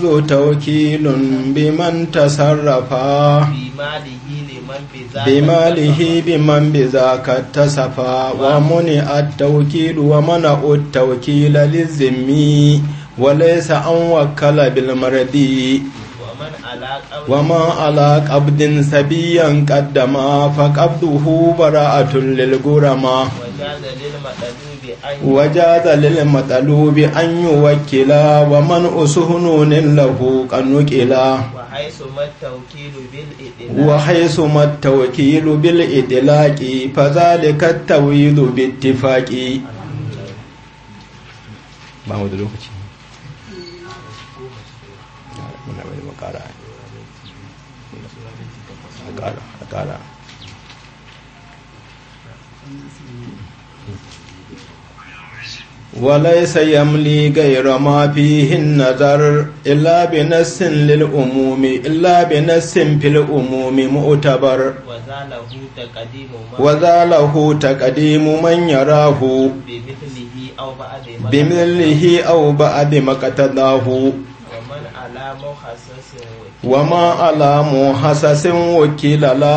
zo tawkilun biman tasarrafa bimalihi biman bi zaka tasafa wa muni at-tawkilu wa mana at-tawkila lizmi wa laysa an wakala bil mardi ومن على قبض سبيا قدما فقبضه براءة للغرما وجاز للمدني wajaza lil matalubi an yu wakila wa man usuhununin lahu kila wa haisu matawakilu bil idilaki fa zalika tawilu bittifaki ba mu Thank you. walaisa yamli gaira ma fi hin nazar illa na nassin lil umumi illa bi nassin fil umumi mu'tabar wa zalahu taqdimu man yarahu bi mithlihi aw ba'd ma qatadahu hasasin wakilala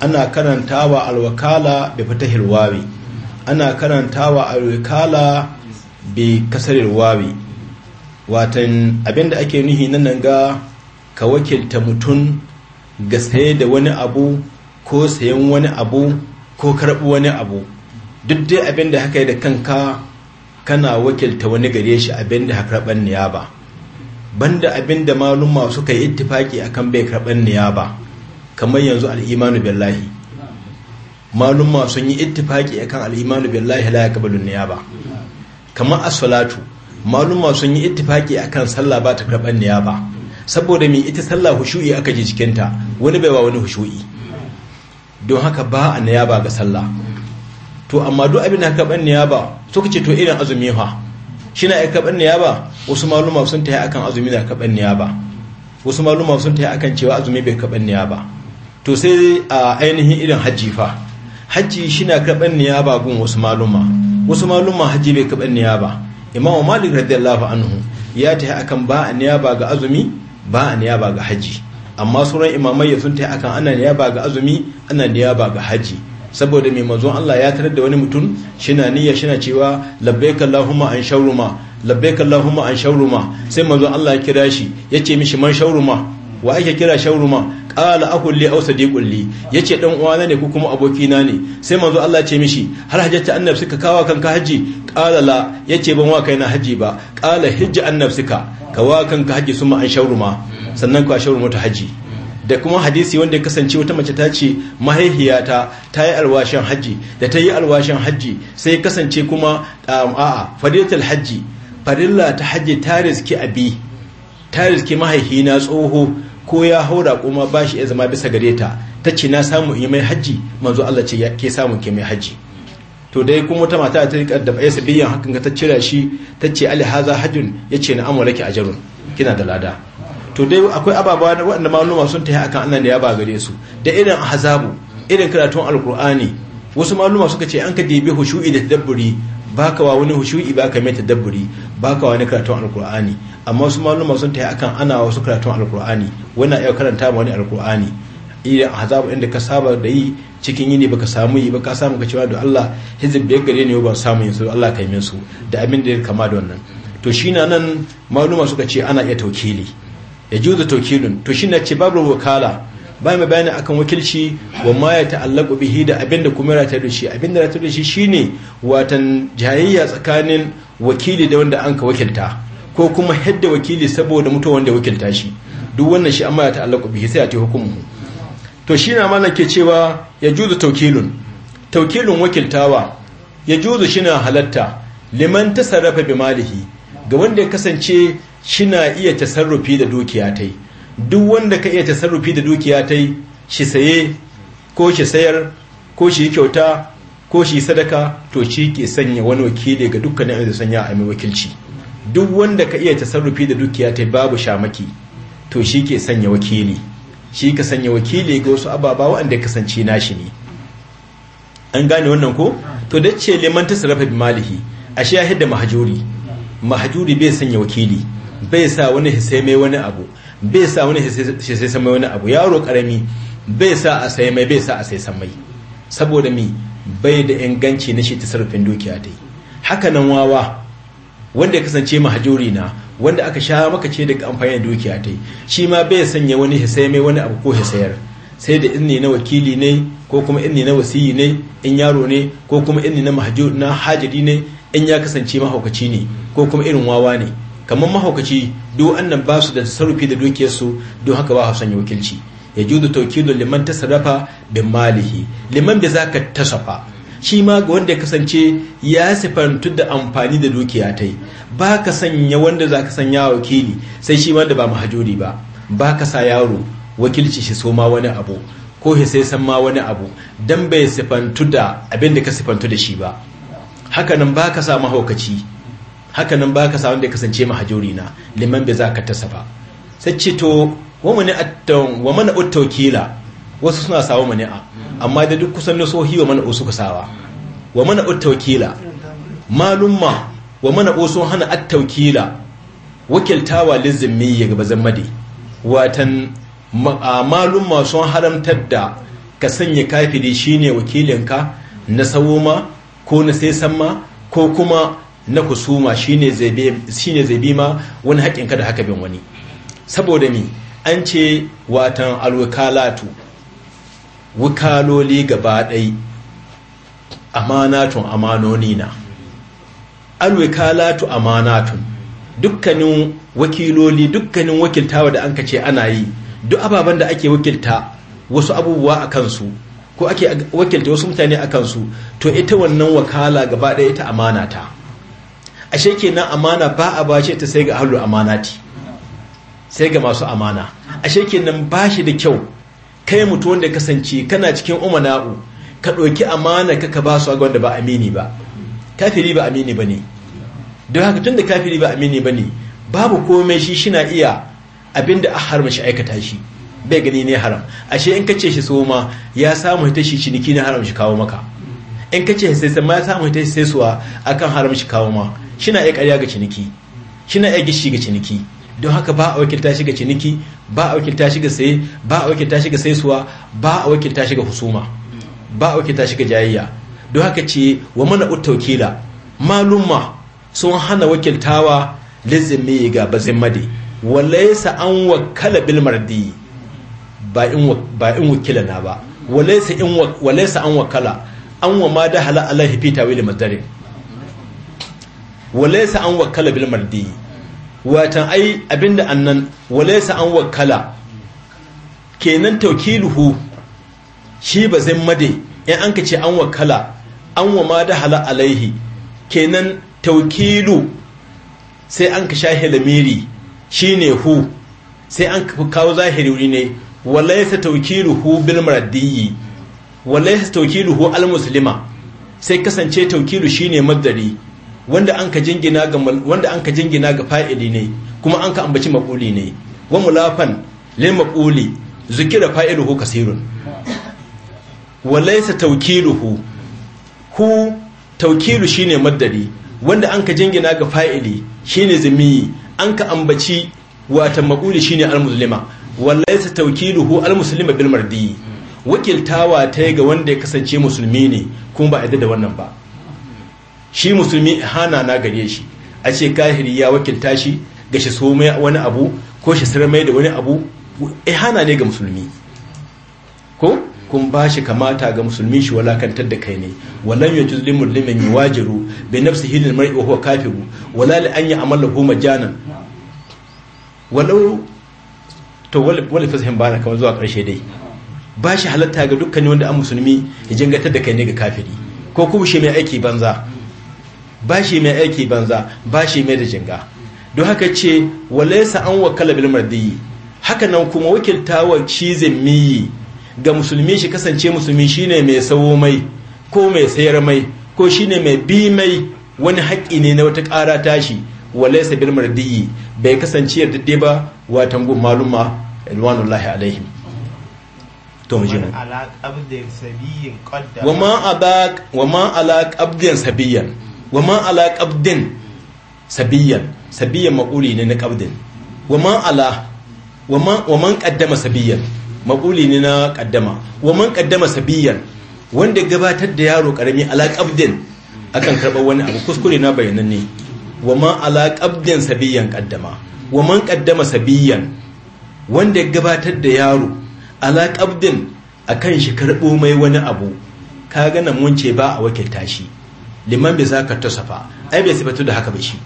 ana karantawa alwakala bi fatahil wawi ana karantawa alwakala bi kasarir wawi watan abinda ake nuhi nan ga ka wakilta mutum ga saye da wani abu ko sayan wani abu ko karɓi wani abu duk dai abinda haka da kanka kana wakilta wani gare shi abinda haka karɓar niyaba banda abinda maluma suka yi ittifaki akan bai karɓar niyaba kamar yanzu al'imanu billahi malumma sun yi ittifaki akan al'imanu billahi la yaqbalu niyaba kamar as-salatu malumma sun yi ittifaki akan sallah ba ta karban niyaba saboda me ita sallah hushu'i aka ji cikinta wani bai ba wani hushu'i don haka ba a niyaba ga sallah to amma duk abin da karban niyaba suka ce to irin azumi fa shine ai karban niyaba wasu malumma sun ta yi akan azumi da karban niyaba wasu malumma sun ta yi akan cewa azumi bai karban niyaba to sai a ainihin irin hajji fa hajji shi na karɓar niyaba gun wasu maluma wasu maluma hajji bai karɓar niyaba imamu malik radiyallahu anhu ya ta akan ba a niyaba ga azumi ba a niyaba ga hajji amma sauran imamai sun ta akan ana niyaba ga azumi ana niyaba ga hajji saboda mai manzon Allah ya tarar da wani mutum shina niyya shina cewa labbaika Allahumma an shauruma Allahumma an shauruma sai manzon Allah ya kira shi "Ya yace mishi man shauruma wa ake kira shauruma qala ahun li aw li yace dan uwana ne ko kuma abokina ne sai manzo Allah ce mishi har hajjata annab suka kawa kanka haji qala la yace ban wa kaina haji ba qala hijja annab suka kawa kanka haji suma an shauruma sannan ka shauruma ta haji da kuma hadisi wanda ya kasance wata mace ta ce mahaihiyata ta yi alwashin hajji da ta yi alwashin hajji sai kasance kuma um, a'a fadilatul hajji farilla ta hajji ta riski abi ta riski mahaihina tsoho ko ya haura kuma ba shi ya zama bisa gare ta ta ce na samu in yi mai hajji manzo Allah ce ke samun ke mai hajji to dai kuma wata mata ta rika da bayasa biyan hakan ka ta cira shi ta ce ali haza hajjun ya ce na amuraki ajarun kina da lada to dai akwai ababa waɗanda maluma sun ta yi akan annan da ya ba gare su da irin hazabu irin karatun alkur'ani wasu maluma suka ce an ka debi hushu'i da tadabburi baka wa wani hushu'i baka mai tadabburi baka wani karatun alkur'ani amma wasu maluma sun ta akan ana wasu karatun alkur'ani wani ya karanta ma wani alkur'ani idan azabu inda ka saba da yi cikin yini baka samu yi ka samu ka cewa da Allah hizib da gare ne ba samu yin su Allah ka min su da abin da ya kama da wannan to shi na nan maluma suka ce ana iya taukili ya juzu taukilun to shi na ce babu wakala ba mai bayani akan wakilci wa ma ya ta'allaku bihi da da kuma ya da shi da rata da shi shine watan jayayya tsakanin wakili da wanda anka wakilta ko kuma hadda wakili saboda mutuwa wanda wakilta shi duk wannan shi amma ya ta'allaku bihi sai a ce hukumu to shi na mana ke cewa ya juzu tawkilun tawkilun wakiltawa ya juzu shi na halatta liman tasarrafa bi malihi ga wanda ya kasance shi na iya tasarrufi da dukiya ta duk wanda ka iya tasarrufi da dukiya ta yi shi saye ko shi sayar ko shi kyauta ko shi sadaka to shi ke sanya wani wakili ga dukkanin da sanya a mai wakilci duk wanda ka iya sarrafi da dukiya ta babu shamaki to shi ke sanya wakili shi ka sanya wakili ga wasu ababa waɗanda kasance nashi ne an gane wannan ko to da ce liman tasarrafa bi malihi a shi ya da mahajuri mahajuri bai sanya wakili bai sa wani hisse mai wani abu bai sa wani shi sai samai wani abu yaro karami bai sa a sai mai bai sa a sai samai saboda mi bai da inganci na shi ta sarrafin dukiya ta yi haka nan wawa wanda ya kasance mahajuri na wanda aka sha maka ce daga amfani da dukiya ta yi shi ma bai sanya wani sai mai wani abu ko sayar sai da inni na wakili ne ko kuma inni na wasiyi ne in yaro ne ko kuma inni na mahajuri na hajiri ne in ya kasance mahaukaci ne ko kuma irin wawa ne kamar mahaukaci duk annan ba su da sarrafi da dukiyarsu don haka ba son yi wakilci ya judu taukilu liman tasarrafa bin malihi liman da zaka tasafa shi ma ga wanda ya kasance ya sifantu da amfani da dukiya ta yi ba ka sanya wanda za ka sanya wakili sai shi ma da ba mahajuri ba ba ka sa yaro wakilci shi so ma wani abu ko shi sai san ma wani abu dan bai sifantu da abin da ka sifantu da shi ba Haka nan ba ka sa mahaukaci haka nan ba ka sa da ya kasance mahajuri na liman bai za ka tasa sai ce to wa attan wa mana uttawkila wasu suna sawo mani a amma da duk kusan nasohi wa mana usu sawa wa mana uttawkila malumma wa mana usu hana attawkila wakiltawa lizimi ya gaba zammadi watan malumma sun haramtar da ka sanya kafiri shine wakilinka na sawoma ko na sai ma ko kuma na kusuma shi ne zai bi ma wani haƙinka da haka bin wani saboda ni an ce watan alwakalatu wukaloli gaba ɗai amanatun amanoni na alwakalatu amanatun dukkanin wakiloli dukkanin wakiltawa da an ka ce ana yi duk ababen da ake wakilta wasu abubuwa a kansu ko ake wakilta wasu mutane a kansu to ita wannan wakala gaba ɗaya ita amanata ashe kenan amana ba a bashe ta sai ga ahlul amanati sai ga masu amana ashe kenan bashi da kyau kai mutu wanda kasance kana cikin umana'u ka ɗauki amana ka ka ba su ga wanda ba amini ba kafiri ba amini ba ne don haka tun da kafiri ba amini ba ne babu komai shi shina iya abinda a haram shi aikata shi bai gani ne haram ashe in ka shi soma ya samu hita shi ciniki na haram shi kawo maka in ka ce sai ma ya samu hita sai suwa akan haram shi kawo maka. shina ya karya ga ciniki shina ya gishi ga ciniki don haka ba a wakilta shi ga ciniki ba a wakilta shi ga saye ba a wakilta shi ga saisuwa ba a wakilta shi ga husuma ba a wakilta shi ga jayayya don haka ce wa mana wakila malumma sun hana wakiltawa lizimi ga bazimmadi walaisa an wakala bil mardi ba in wakila na ba walaisa in an wakala an wa ma da hala alaihi fi tawili madarin walaysa an wakala bil mardi watan ai abinda annan walaysa an wakala kenan tawkiluhu shi ba zai made in an kace an wakala an wa ma da hala alaihi kenan tawkilu sai an ka shahe lamiri shine hu sai an kawo zahiri ne walaysa tawkiluhu bil mardi walaysa tawkiluhu al muslima sai kasance tawkilu shine madari wanda an ka jingina ga ga fa'ili ne kuma an ka ambaci maquli ne wa mulafan lil da zikira fa'iluhu kasirun wa laysa tawkiluhu hu shi shine maddari wanda an ka jingina ga fa'ili shine zimiyi an ka ambaci wata maquli shine al-muslima wa taukilu hu al-muslima bil mardi wakiltawa ta ga wanda ya kasance musulmi ne kuma ba a da wannan ba shi musulmi hana na gare shi a ce kahiri ya wakilta shi ga shi so mai wani abu ko shi sir mai da wani abu eh, hana ne ga musulmi ko kun ba shi kamata ga musulmi shi walakantar da kai ne walan yajuz lil muslimin yuwajiru bi bai nafsi mar'i wa huwa kafiru wala li an ya'mala huma janan walau to wala fasihim bana kamar zuwa karshe dai ba shi halatta ga dukkanin wanda an musulmi ya jangatar da kai ne ga kafiri ko kuma shi mai aiki banza Ba shi mai aiki banza shi mai da jinga don haka ce walaisa an wa bil mardiyi haka nan kuma wa shi miyi ga musulmi shi kasance musulmi shine mai sawo mai ko mai sayar mai ko shine mai bi mai wani haƙƙi ne na wata ƙara tashi walaisa bil mardiyi bai kasance dai ba watan gun maluma ilwanullahi alaihim wa ma ala sabiyan wa ma ala ƙabdin sabiyan sabiyan maƙuli ne na ƙabdin. wa ma ala wa ma man ƙaddama sabiyan maƙuli ne na ƙaddama wa man ƙaddama sabiyan wanda gabatar da yaro ƙarami ala qabdin akan karɓar wani abu kuskure na bayanan ne wa ma ala ƙabdin sabiyan ƙaddama wa man ƙaddama sabiyan wanda gabatar da yaro ala qabdin akan shi karɓo mai wani abu ka gana mun ce ba a wakilta shi liman bai za ka tasafa ai bai sifatu da haka ba shi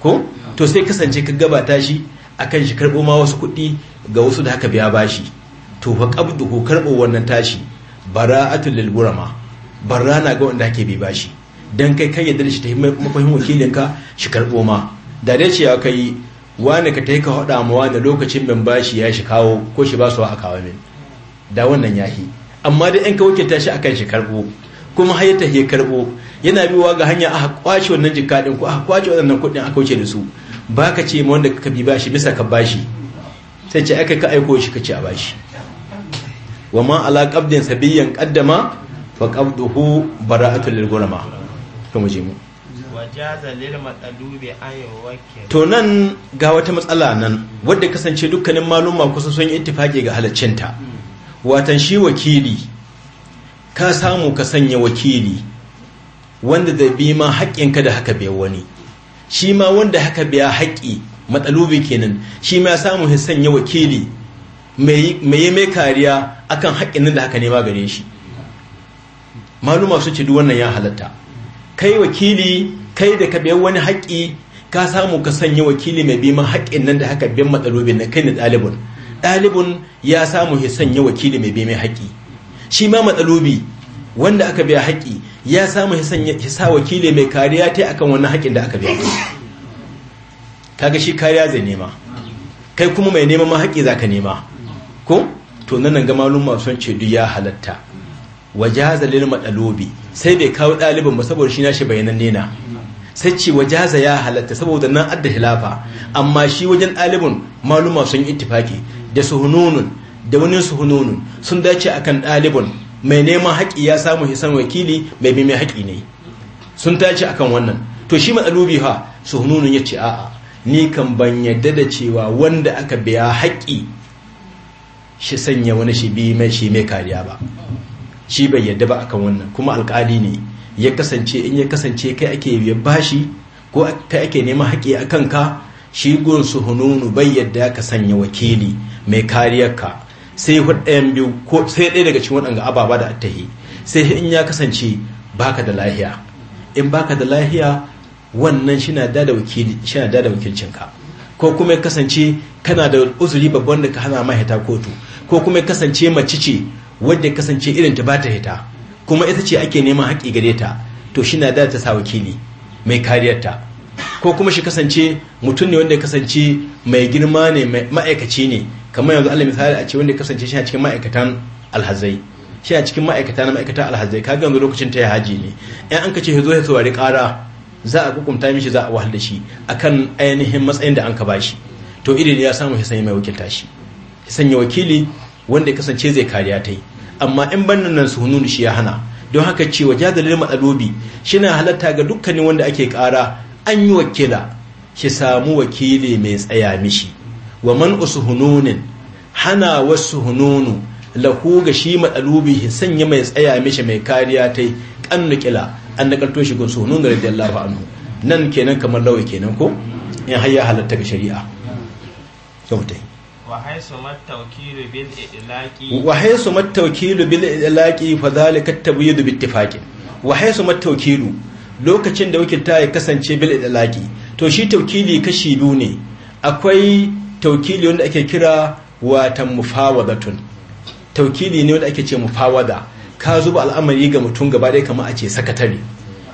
ko to sai kasance ka gabata shi akan shi karbo ma wasu kuɗi ga wasu da haka biya bashi to fa qabdu ko karɓo wannan tashi bara'atul lil burama barana ga wanda ake bi bashi dan kai kan yadda shi ta mafahin wakilin ka shi karbo ma da dai ya kai wani ka taika hada mu wani lokacin ban bashi ya shi kawo ko shi ba su a kawo min da wannan yahi amma dai in ka wakilta tashi akan shi karbo kuma har ya karɓo karbo yana biwa ga hanya a kwace wannan jikka din ko a kwace wannan kuɗin aka kauce da su baka ce ma wanda ka bi bashi bisa ka bashi sai ce aka ka aiko shi ka ce a bashi wa ma ala qabdin sabiyan qaddama fa qabduhu bara'atul lil gurama to mu ji mu to nan ga wata matsala nan wadda kasance dukkanin maluma kusa sun yi tafaki ga halaccinta watan shi wakili ka samu ka sanya wakili wanda da bi ma haƙƙinka da haka biya wani shi ma wanda haka biya haƙƙi matsalubi kenan shi ma samu ya sanya wakili mai yi mai kariya akan haƙƙin nan da haka nema gare shi maluma su ce duk wannan ya halatta kai wakili kai da ka biya wani haƙƙi ka samu ka sanya wakili mai bi ma haƙƙin nan da haka biyan matsalubi na kai na ɗalibin ɗalibin ya samu ya sanya wakili mai bi mai haƙƙi shi ma matsalobi wanda aka biya haƙi ya samu hisa wakili mai kariya ta akan wannan haƙin da aka biya kaga shi kariya zai nema kai kuma mai neman ma haƙi za ka nema ko to nan ga malum masu ce duk ya halatta wajaza lil matsalobi sai bai kawo ɗalibin ba saboda shi nashi bayanan nena sai ce wajaza ya halatta saboda nan adda hilafa amma shi wajen ɗalibin maluma sun ittifaki da su hununun da wani su hununu sun dace akan ɗalibin mai neman haƙi ya samu hisan wakili mai bi mai haƙi ne sun dace akan wannan to shi matsalubi ha su hununun ya ce a'a ni kan ban yadda da cewa wanda aka biya haƙi shi sanya wani shi bi mai shi mai kariya ba shi bai yadda ba akan wannan kuma alƙali ne ya kasance in ya kasance kai ake bashi ko kai ake neman haƙi akan ka shi gun su hununu bai yadda ka sanya wakili mai ka. sai hudayen biyu ko sai ɗaya daga cikin waɗanda ababa da attahi sai in ya kasance baka da lahiya in baka da lahiya wannan shi na da da wakilcinka ko kuma ya kasance kana da uzuri babban da ka hana ma hita kotu ko kuma ya kasance mace ce wadda kasance irin ta bata hita kuma ita ce ake neman haƙi gare ta to shi na da ta sa wakili mai kariyarta ko kuma shi kasance mutum ne wanda ya kasance mai girma ne ma'aikaci ne kamar yanzu allah misali a ce wanda ya kasance shi a cikin ma'aikatan alhazai shi a cikin ma'aikata na ma'aikata alhazai ka yanzu lokacin ta ya haji ne in an ka ce zo ya saurari ƙara za a hukunta mishi za a wahal da shi akan ainihin matsayin da an ka bashi to iri ya samu ya mai wakilta shi sanya wakili wanda ya kasance zai kariya ta yi amma in bannan nan su hunu shi ya hana don haka ce cewa jadalil matsalobi shi na halatta ga dukkanin wanda ake kara an yi wakila shi samu wakili mai tsaya mishi wa man usuhununin hana wasu hununu lahu ga shi matsalubi sanya mai tsaya mishi mai kariya ta yi kan nukila an ƙarto shi su suhunun da radiyallahu anhu nan kenan kamar lawai kenan ko in har ya halatta ga shari'a kyautai wa haisu mattaukilu bil ilaki fa zalika tabyidu bi ittifaqin wa haisu mattaukilu lokacin da wakilta ya kasance bil ilaki to shi tawkili kashi biyu ne akwai taukili wanda ake kira watan mufawadatun taukili ne wanda ake ce mufawada ka zuba al'amari ga mutum gaba ɗaya kamar a ce sakatare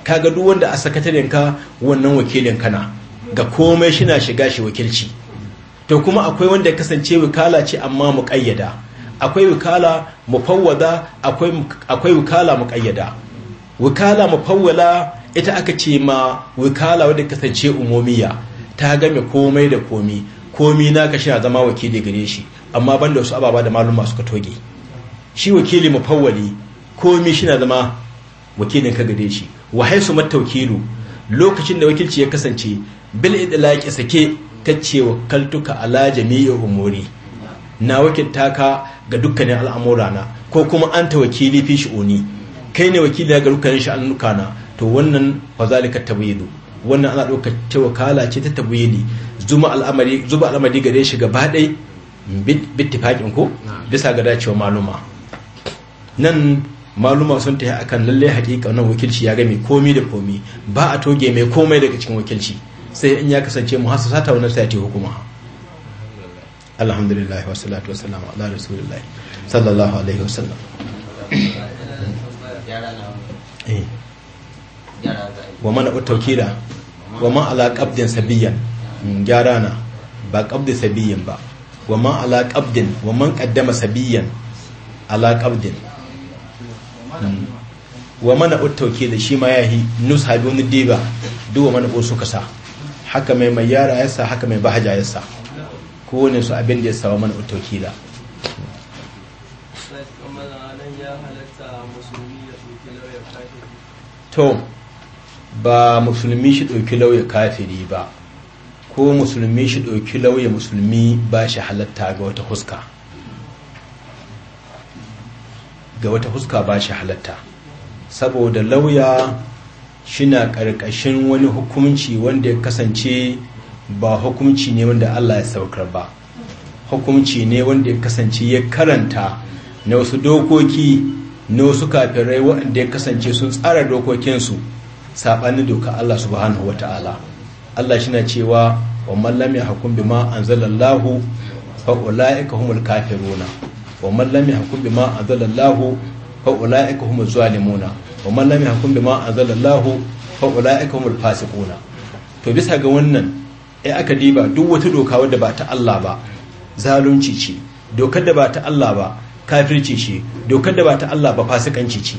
ka ga duk wanda a sakataren ka wannan wakilin kana ga komai shina shiga shi wakilci to kuma akwai wanda ya kasance wikala ce amma mu kayyada akwai wikala fawwada akwai akwai wikala mu kayyada wikala fawwala ita aka ce ma wikala wanda kasance umumiya ta game komai da komi komi naka shi zama wakili gare shi amma banda wasu ababa da masu ka toge shi wakili mafawali komi shi na zama wakilin ka gare shi wa haisu mattaukilu lokacin da wakilci ya kasance bil idlaqi sake wa kaltuka ala jami'i umuri na wakilta ka ga dukkanin na ko kuma an ta wakili fi shi'uni kai ne wakili ga dukkanin sha'anuka na to wannan fa zalika tabyidu wannan ana ɗauka ta wakala ce ta tabwili zuma al'amari zuba al'amari gare shi gaba ɗai bittifaƙin ko bisa ga dacewa maluma nan maluma sun ta akan lalle haƙiƙa wannan wakilci ya gami komi da komi ba a toge mai komai daga cikin wakilci sai in ya kasance mu hasa sata wannan sai ta hukuma wa salatu wa salam ala rasulillah sallallahu wa mana utaukila wa ma ala qabdin sabiyan mm, gyara na ba qabdi sabiyan ba wa ma ala qabdin wa man qaddama sabiyan ala qabdin mm. wa mana utaukila shi ma yahi nus wani diba duwa mana o suka sa haka mai mai yara yasa haka mai bahaja yasa ko kowane su abin da ya sa wa mana utaukila to ba musulmi shi ɗauki lauya kafiri ba ko musulmi shi ɗauki lauya musulmi ba shi halatta ga wata huska ga wata huska ba shi halatta saboda lauya shina ƙarƙashin wani hukunci wanda ya kasance ba hukunci ne wanda Allah ya saukar ba hukunci ne wanda ya kasance ya karanta na wasu dokoki na wasu kafirai waɗanda ya kasance sun tsara dokokinsu sabanin doka Allah subhanahu wa ta'ala Allah shi na cewa wa mallami lam yahkum bima anzalallahu fa ulaika humul kafiruna wa mallami lam yahkum bima anzalallahu fa ulaika humuz zalimuna wa mallami lam yahkum bima anzalallahu fa ulaika humul fasiquna to bisa ga wannan ai aka diba duk wata doka wadda ba ta Allah ba zalunci ce dokar da ba ta Allah ba kafirci ce dokar da ba ta Allah ba fasikanci ce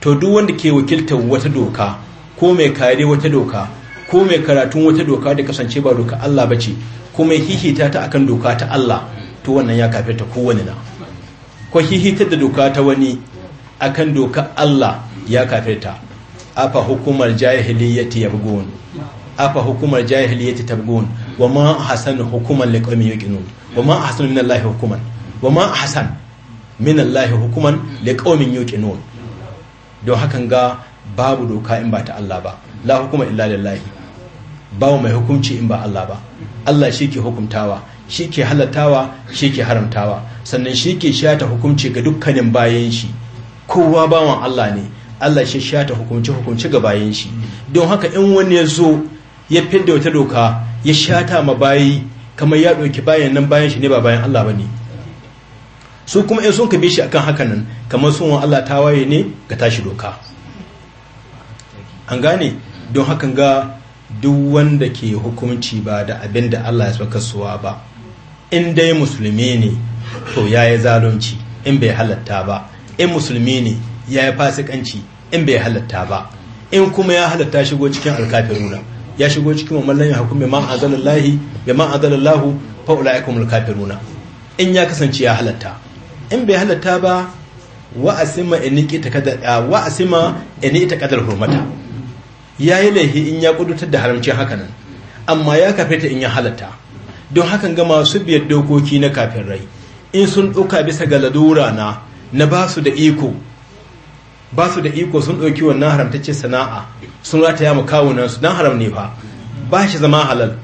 to duk wanda ke wakiltar wata doka ko mai kare wata doka ko mai karatun wata doka da kasance ba doka Allah ba ce ko mai hihita ta akan doka ta Allah to wannan ya ta kowane na ko hihita da doka ta wani akan doka Allah ya ta afa hukumar jahiliyyati yabgun afa hukumar jahiliyyati tabgun wa ma hasan hukuman liqami yuqinun wa ma hasan minallahi hukuman wa ma hasan minallahi hukuman liqawmin yuqinun don hakan ga babu doka in ba ta Allah ba la hukuma illa lillahi babu mai hukunci in ba Allah ba Allah shi ke hukuntawa shi ke halattawa shi ke haramtawa sannan shi ke shata hukunci ga dukkanin bayan shi kowa bawan Allah ne Allah shi shata hukunci hukunci ga bayan shi don haka in wani ya zo ya fidda wata doka ya shata ma bayi kamar ya ɗauki bayan nan bayan shi ne ba bayan Allah ba ne su kuma in sun ka bi shi akan hakan nan kamar sun wani Allah ta waye ne ga tashi doka an gane don hakan ga duk wanda ke hukunci ba da abin da Allah ya saka suwa ba in dai musulmi ne to ya yi zalunci in bai halatta ba in musulmi ne ya yi fasikanci in bai halatta ba in kuma ya halatta shigo cikin alkafiruna ya shigo cikin mamallan ya hukumi ma azalallahi ya ma azalallahu fa kafiruna in ya kasance ya halatta in bai halatta ba wa asima iniki takadar wa asima ini kadar hurmata yayi laihi in ya kudutar da haramcin hakanan amma ya kafe ta in ya halatta don hakan ga masu biyar dokoki na kafin rai in sun ɗauka bisa ga lalura na na ba su da iko ba su da iko sun ɗauki wannan haramtacce sana'a sun rataya mu kawunan su don haram ne fa zama halal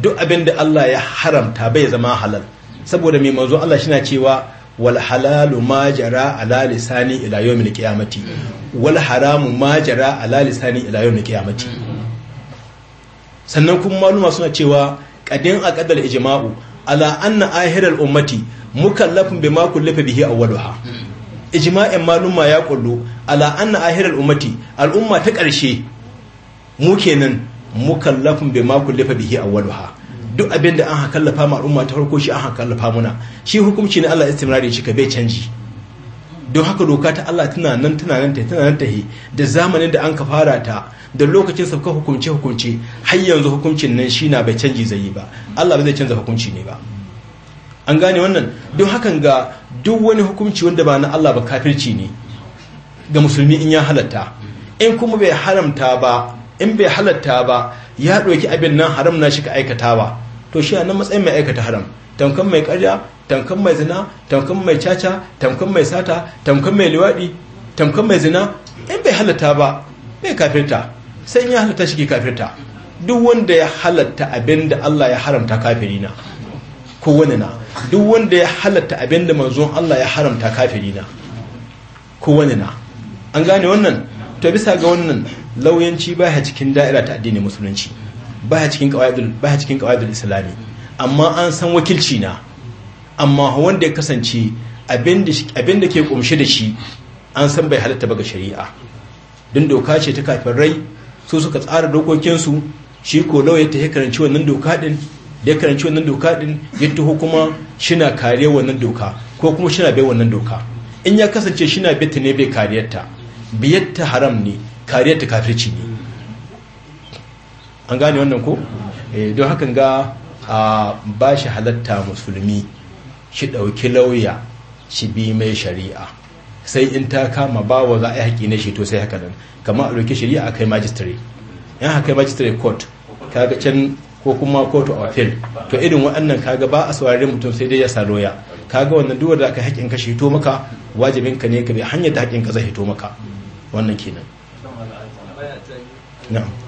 duk abin da Allah ya haramta bai zama halal saboda mai manzo Allah shi cewa wal halalu ma jara ala lisani ila yawmil qiyamati wal haramu ma jara ala lisani ila yawmil qiyamati sannan kuma maluma suna cewa qadin aqdal ijma'u ala anna ahiral ummati mukallafun bima kullafa bihi awwaluha ijma'in maluma ya kullu ala anna ahiral ummati al'umma ta karshe mu kenan mukallafun bima kullafa bihi awwaluha duk abin da an hakallafa ma al'umma ta farko shi an hakallafa muna shi hukunci na Allah ya istimrari shi ka bai canji don haka doka ta Allah tana nan tana nan ta tana nan ta he da zamanin da an ka fara ta da lokacin sabka hukunce hukunce har yanzu hukuncin nan shi na bai canji zai yi ba Allah ba zai canza hukunci ne ba an gane wannan don hakan ga duk wani hukunci wanda ba na Allah ba kafirci ne ga musulmi in ya halatta in kuma bai haramta ba in bai halatta ba ya ɗauki abin nan haram na shi ka aikata ba to shi a nan matsayin mai aikata haram tamkan mai karya tamkan mai zina tamkan mai caca tamkan mai sata tamkan mai liwaɗi tamkan mai zina in bai halatta ba bai kafirta sai ya halatta shi ke kafirta duk wanda ya halatta abin da Allah ya haramta kafiri na ko wani na duk wanda ya halatta abin da manzon Allah ya haramta kafiri na ko wani na an gane wannan to bisa ga wannan lauyanci baya cikin da'ira ta addinin musulunci baya cikin baya cikin islami amma an san wakilci na amma wanda ya kasance abinda ke kumshe da shi an san bai halatta ba ga shari'a don doka ce ta kafin rai su suka tsara dokokinsu shi ko lauya ta ya karanci wannan doka din ya karanci wannan doka din ya taho kuma shina kariya wannan doka ko kuma shina bai wannan doka in ya kasance shina ta ne bai kariyarta ta haram ne kariyarta kafirci ne an gane wannan ko eh, don hakan ga ba shi halatta musulmi shi ɗauki lauya shi bi mai shari'a sai in ta kama ba wa za a yi haƙi na shi to sai haka nan kamar a ɗauki shari'a a kai majistare yan haka majistare court kaga can ko kuma court of appeal to irin waɗannan kaga ba a saurare mutum sai dai ya sa loya kaga wannan duwar da aka haƙin ka shi to maka wajibin ka ne ka bi hanyar da haƙin ka zai to maka wannan kenan na'am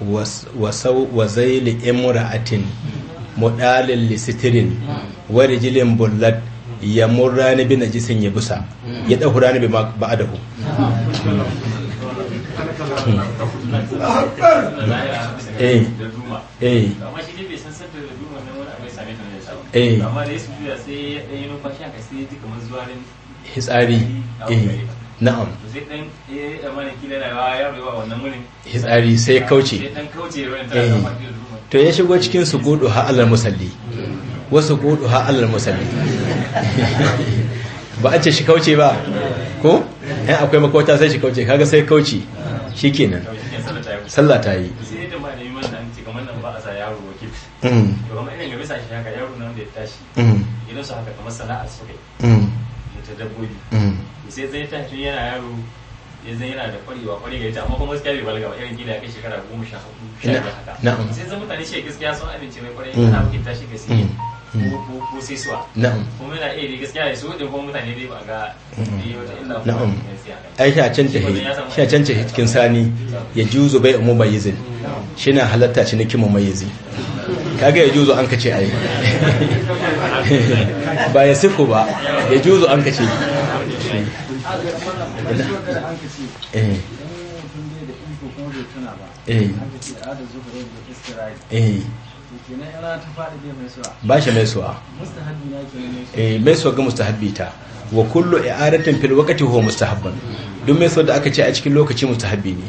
wa mu imra'atin mudalil lisitirin wa rijlin bullat ya murrani bi najisin ya busa ya dahu rani bi ba'adahu A, hmm. eh, eh. eh. hitsari eh na'am zai dan eh amana ya sai kauce to ya shigo cikin su gudu ha alal musalli wasu gudu ha alal musalli ba a ce shi kauce ba ko eh akwai makota sai shi kauce kaga sai kauce shikenan sallah ta yi idan mm. mm. su haka kamar sana'a mm. ta dabbobi sai zai ta yana yaro ya zai yana da kwarewa kwarewa ya ta amma kuma gaskiya bai balaga ba gida ya kai shekara goma sha hudu sha biyar haka sai zan mutane shi gaskiya sun amince mai kwarewa yana mm. mm. mm. ko sai kuma yana iya gaskiya ya mutane dai ba ga eh, na'am a can a can sani ya juzo bai umu shi na halatta shi na kima kaga ya juzo an kace ba ya ba ya juzo an kace Eh. Eh. Eh. ba shi mai suwa mai suwa ga mustahabbi ta wa kullu i'adatin fil waqti huwa mustahabban duk mai suwa da aka ce a cikin lokaci mustahabbi ne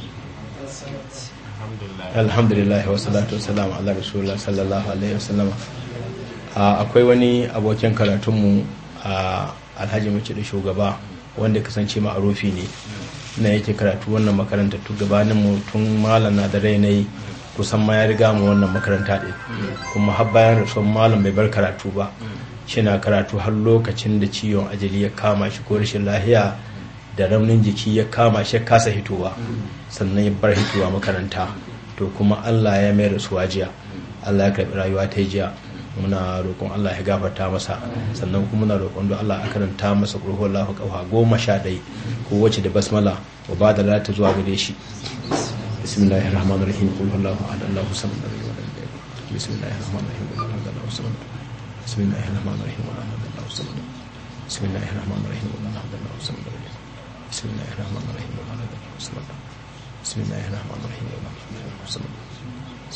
alhamdulillah wa salatu wa salam ala rasulullah sallallahu alaihi wa sallama ah, akwai wani abokin karatunmu a ah, alhaji mace da shugaba wanda kasance ma'arufi ne na yake karatu wannan makaranta tu gabanin mu tun malam na da rai na yi kusan ma ya riga mu wannan makaranta ɗin kuma har bayan rasuwan malam bai bar karatu ba shina karatu har lokacin da ciwon ajali ya kama shi ko rashin lahiya da raunin jiki ya kama shi kasa hitowa sannan ya bar hitowa makaranta to kuma allah ya mai rasuwa jiya allah ya karɓi rayuwa ta jiya muna roƙon Allah ya gafarta masa sannan kuma muna roƙon don Allah a karanta masa Allah ka ƙafa goma sha ɗai ko wacce da basmala wa ba da lata zuwa gare shi bismillahir rahmanir rahim qul huwallahu ahad allahu samad lam yalid walam yulad bismillahir rahmanir rahim qul huwallahu ahad allahu samad bismillahir rahmanir rahim qul huwallahu ahad allahu samad bismillahir rahmanir rahim qul huwallahu ahad allahu samad bismillahir rahmanir rahim qul huwallahu ahad allahu samad bismillahir rahmanir rahim qul huwallahu samad